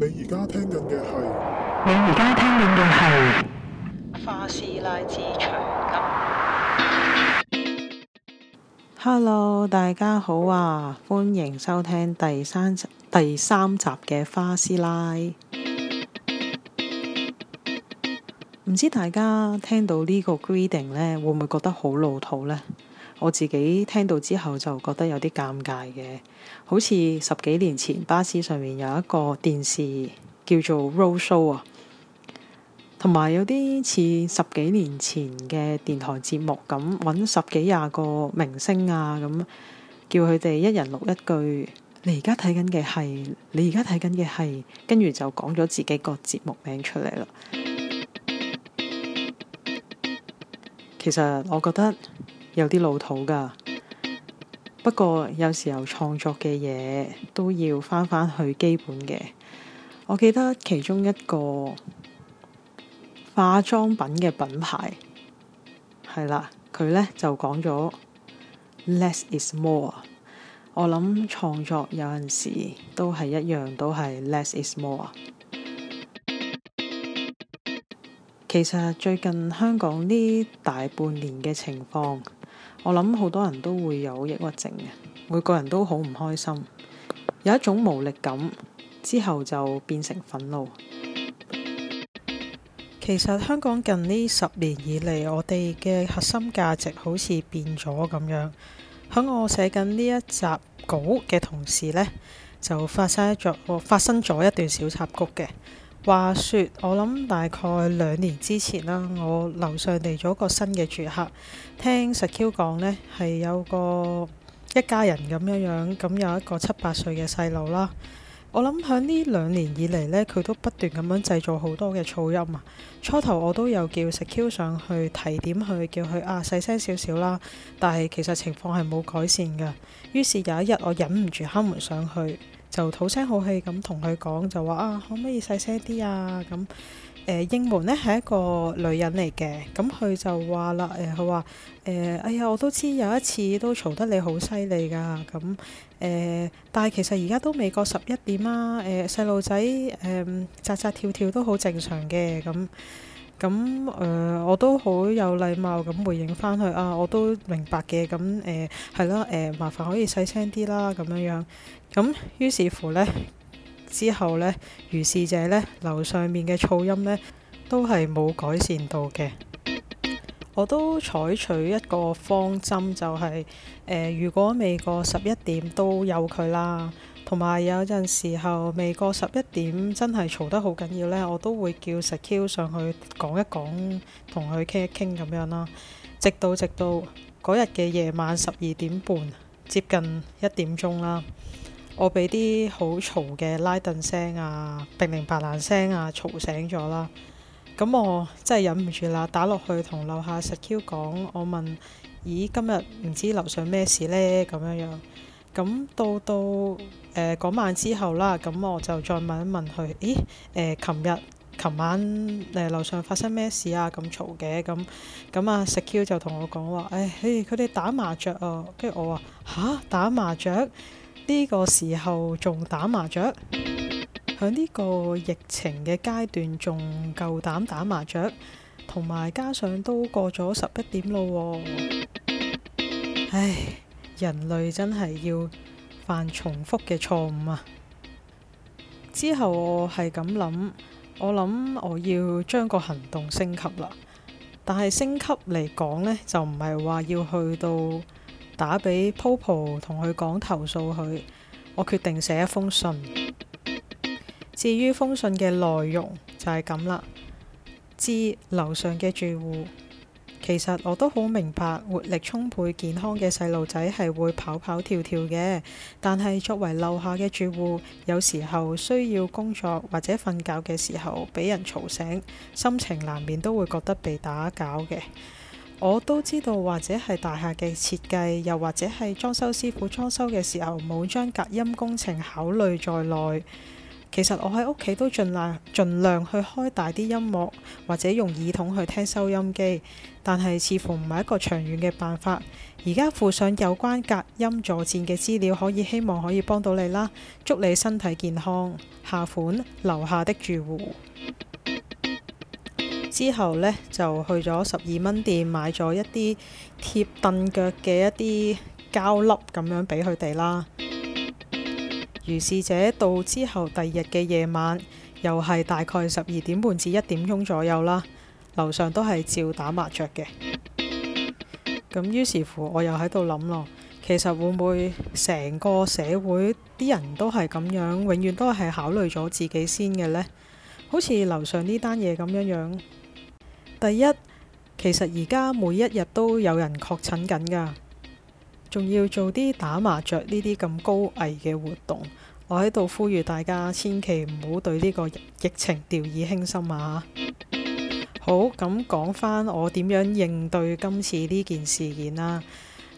你而家聽緊嘅係，你而家聽緊嘅係花師奶之長今。Hello，大家好啊，歡迎收聽第三第三集嘅花師奶。唔知大家聽到呢個 greeting 呢，會唔會覺得好老土呢？我自己聽到之後就覺得有啲尷尬嘅，好似十幾年前巴士上面有一個電視叫做《RoadShow》啊，同埋有啲似十幾年前嘅電台節目咁，揾十幾廿個明星啊咁，叫佢哋一人錄一句。你而家睇緊嘅係，你而家睇緊嘅係，跟住就講咗自己個節目名出嚟啦。其實我覺得有啲老土㗎，不過有時候創作嘅嘢都要返返去基本嘅。我記得其中一個化妝品嘅品牌係喇，佢呢就講咗 less is more。我諗創作有陣時都係一樣，都係 less is more。其實最近香港呢大半年嘅情況，我諗好多人都會有抑鬱症嘅，每個人都好唔開心，有一種無力感，之後就變成憤怒。其實香港近呢十年以嚟，我哋嘅核心價值好似變咗咁樣。喺我寫緊呢一集稿嘅同時呢，就發生咗發生咗一段小插曲嘅。話説，我諗大概兩年之前啦，我樓上嚟咗個新嘅住客，聽石 Q 講呢，係有個一家人咁樣樣，咁有一個七八歲嘅細路啦。我諗響呢兩年以嚟呢，佢都不斷咁樣製造好多嘅噪音呀。初頭我都有叫石 Q 上去提點佢，叫佢啊，細聲少少啦。但係其實情況係冇改善㗎。於是有一日，我忍唔住敲門上去。就聲好聲好氣咁同佢講，就話啊，可唔可以細聲啲啊？咁誒，應、呃、門呢係一個女人嚟嘅，咁佢就話啦，誒、呃，佢話誒，哎呀，我都知有一次都嘈得你好犀利㗎，咁誒、呃，但係其實而家都未過十一點啦。誒、呃，細路仔誒，扎、呃、扎跳跳都好正常嘅，咁咁誒，我都好有禮貌咁回應返佢啊，我都明白嘅，咁誒，係、呃呃、囉，誒，麻煩可以細聲啲啦，咁樣樣。咁於是乎呢，之後呢，如是者呢，樓上面嘅噪音呢，都係冇改善到嘅。我都採取一個方針，就係呃，如果未過十一點都有佢啦，同埋有陣時候未過十一點真係嘈得好緊要呢，我都會叫 secure 上去講一講，同佢傾一傾咁樣啦。直到直到嗰日嘅夜晚十二點半，接近一點鐘啦。我俾啲好嘈嘅拉凳聲啊、乒鈴啪爛聲啊，嘈醒咗啦。咁我真係忍唔住啦，打落去同樓下石 Q 講，我問：咦，今日唔知樓上咩事呢？」咁樣樣咁到到嗰、呃、晚之後啦，咁我就再問一問佢：咦琴、呃、日琴晚誒樓、呃、上發生咩事啊？咁嘈嘅咁咁啊，石 Q 就同我講話：唉、哎，嘿，佢哋打麻雀啊。跟住我話吓、啊，打麻雀。呢個時候仲打麻雀，喺呢個疫情嘅階段仲夠膽打麻雀，同埋加上都過咗十一點咯。唉，人類真係要犯重複嘅錯誤啊！之後我係咁諗，我諗我要將個行動升級啦。但係升級嚟講呢，就唔係話要去到。打俾 Popo 同佢講投訴佢，我決定寫一封信。至於封信嘅內容就係咁啦。致樓上嘅住戶，其實我都好明白，活力充沛、健康嘅細路仔係會跑跑跳跳嘅。但係作為樓下嘅住戶，有時候需要工作或者瞓覺嘅時候俾人嘈醒，心情難免都會覺得被打攪嘅。我都知道，或者係大廈嘅設計，又或者係裝修師傅裝修嘅時候，冇將隔音工程考慮在內。其實我喺屋企都盡量盡量去開大啲音樂或者用耳筒去聽收音機，但係似乎唔係一個長遠嘅辦法。而家附上有關隔音助戰嘅資料，可以希望可以幫到你啦。祝你身體健康，下款樓下的住戶。之後呢，就去咗十二蚊店買咗一啲貼凳腳嘅一啲膠粒，咁樣俾佢哋啦。如是者到之後第二日嘅夜晚，又係大概十二點半至一點鐘左右啦。樓上都係照打麻雀嘅。咁於是乎我又喺度諗咯，其實會唔會成個社會啲人都係咁樣，永遠都係考慮咗自己先嘅呢？好似樓上呢單嘢咁樣樣。第一，其實而家每一日都有人確診緊㗎，仲要做啲打麻雀呢啲咁高危嘅活動。我喺度呼籲大家，千祈唔好對呢個疫情掉以輕心啊！好，咁講返我點樣應對今次呢件事件啦？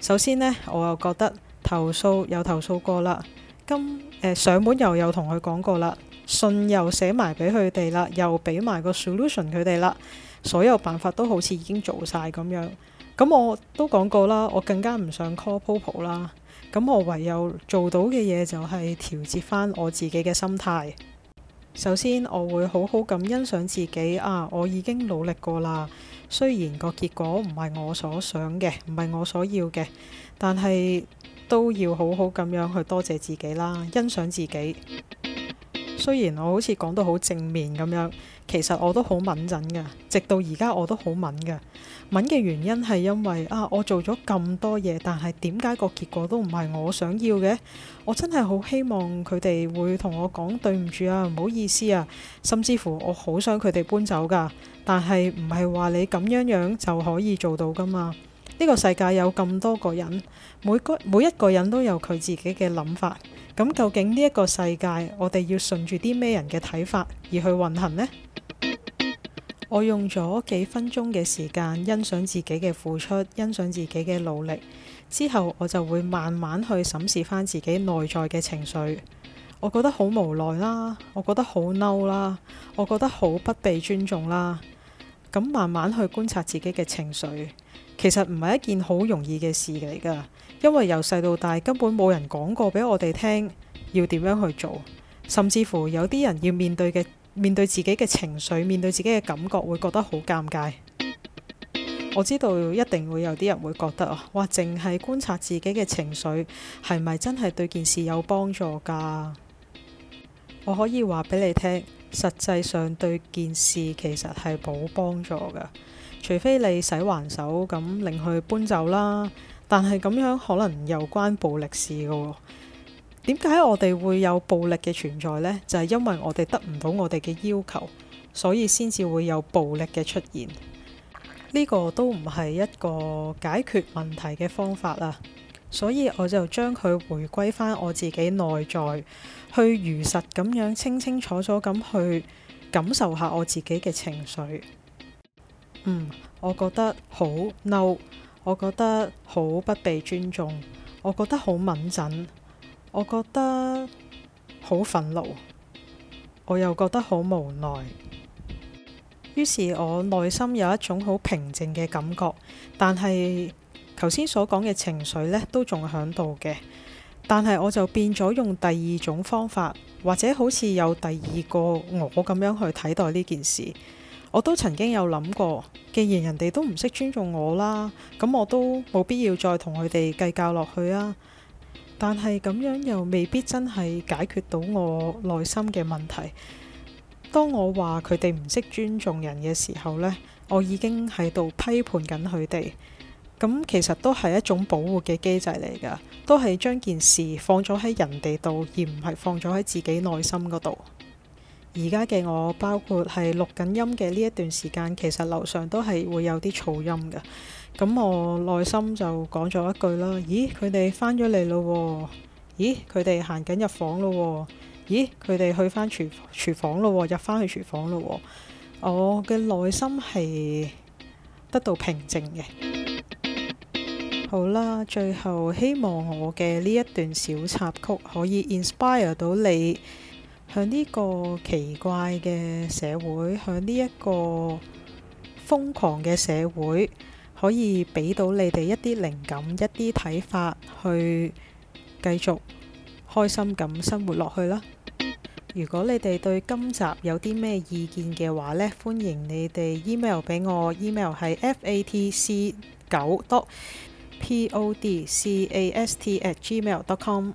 首先呢，我又覺得投訴有投訴過啦，今、呃、上門又有同佢講過啦，信又寫埋俾佢哋啦，又俾埋個 solution 佢哋啦。所有辦法都好似已經做晒咁樣，咁我都講過啦，我更加唔想 call popo 啦，咁我唯有做到嘅嘢就係調節返我自己嘅心態。首先，我會好好咁欣賞自己啊，我已經努力過啦。雖然個結果唔係我所想嘅，唔係我所要嘅，但係都要好好咁樣去多謝自己啦，欣賞自己。雖然我好似講到好正面咁樣，其實我都好忟憎嘅。直到而家我都好敏嘅。敏嘅原因係因為啊，我做咗咁多嘢，但係點解個結果都唔係我想要嘅？我真係好希望佢哋會同我講對唔住啊，唔好意思啊。甚至乎我好想佢哋搬走㗎，但係唔係話你咁樣樣就可以做到㗎嘛？呢個世界有咁多個人，每個每一個人都有佢自己嘅諗法。咁究竟呢一個世界，我哋要順住啲咩人嘅睇法而去運行呢？我用咗幾分鐘嘅時間，欣賞自己嘅付出，欣賞自己嘅努力之後，我就會慢慢去審視翻自己內在嘅情緒。我覺得好無奈啦，我覺得好嬲啦，我覺得好不被尊重啦。咁慢慢去觀察自己嘅情緒。其實唔係一件好容易嘅事嚟㗎，因為由細到大根本冇人講過俾我哋聽要點樣去做，甚至乎有啲人要面對嘅、面對自己嘅情緒、面對自己嘅感覺，會覺得好尷尬。我知道一定會有啲人會覺得啊，哇！淨係觀察自己嘅情緒係咪真係對件事有幫助㗎？我可以話俾你聽，實際上對件事其實係冇幫助㗎。除非你使橫手咁令佢搬走啦，但係咁樣可能又關暴力的事噶。點解我哋會有暴力嘅存在呢？就係、是、因為我哋得唔到我哋嘅要求，所以先至會有暴力嘅出現。呢、這個都唔係一個解決問題嘅方法啦。所以我就將佢回歸翻我自己內在，去如實咁樣清清楚楚咁去感受下我自己嘅情緒。嗯，我覺得好嬲，我覺得好不被尊重，我覺得好敏感，我覺得好憤怒，我又覺得好無奈。於是，我內心有一種好平靜嘅感覺，但係頭先所講嘅情緒呢都仲響度嘅。但係我就變咗用第二種方法，或者好似有第二個我咁樣去睇待呢件事。我都曾經有諗過，既然人哋都唔識尊重我啦，咁我都冇必要再同佢哋計較落去啊。但係但係咁樣又未必真係解決到我內心嘅問題。當我話佢哋唔識尊重人嘅時候呢，我已經喺度批判緊佢哋。咁其實都係一種保護嘅機制嚟㗎，都係將件事放咗喺人哋度，而唔係放咗喺自己內心嗰度。而家嘅我，包括係錄緊音嘅呢一段時間，其實樓上都係會有啲噪音嘅。咁我內心就講咗一句啦：咦，佢哋返咗嚟咯？咦，佢哋行緊入房咯？咦，佢哋去返廚廚房咯？入返去廚房咯？我嘅內心係得到平靜嘅。好啦，最後希望我嘅呢一段小插曲可以 inspire 到你。向呢個奇怪嘅社會，向呢一個瘋狂嘅社會，可以俾到你哋一啲靈感、一啲睇法，去繼續開心咁生活落去啦。如果你哋對今集有啲咩意見嘅話呢，歡迎你哋 email 俾我，email 係 f a t c 九 dot p o d c a s t at gmail dot com。